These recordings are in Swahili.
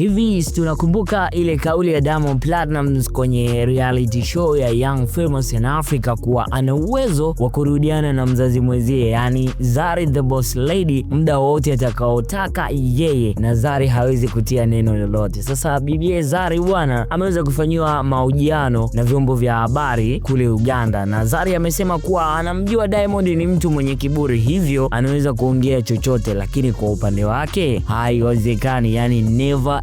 Hivi tunakumbuka ile kauli ya Diamond Platnumz kwenye reality show ya Young Famous in Africa kuwa ana uwezo wa kurudiana na mzazi mwenzie, yani Zari the Boss Lady muda wowote atakaotaka yeye, na Zari hawezi kutia neno lolote. Sasa bibie Zari bwana ameweza kufanyiwa mahojiano na vyombo vya habari kule Uganda, na Zari amesema kuwa anamjua Diamond ni mtu mwenye kiburi, hivyo anaweza kuongea chochote, lakini kwa upande wake haiwezekani, yani never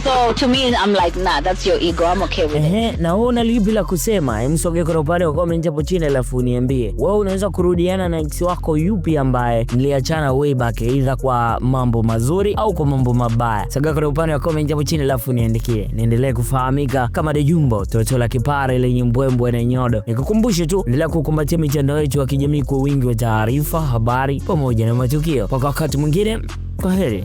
So to me I'm like nah, that's your ego. I'm okay with it. na wewe unalii bila kusema. Msogee kwa upande wa comment hapo chini alafu niambie. Wewe unaweza kurudiana na ex wako yupi ambaye mliachana way back either kwa mambo mazuri au kwa mambo mabaya. Sogea kwa upande wa comment hapo chini alafu niandikie. Niendelee kufahamika kama de Jumbo, toto la kipare lenye mbwembwe na nyodo. Nikukumbushe tu, endelea kukumbatia mitandao yetu ya kijamii kwa wingi wa taarifa, habari pamoja na matukio. Mpaka wakati mwingine, kwa heri.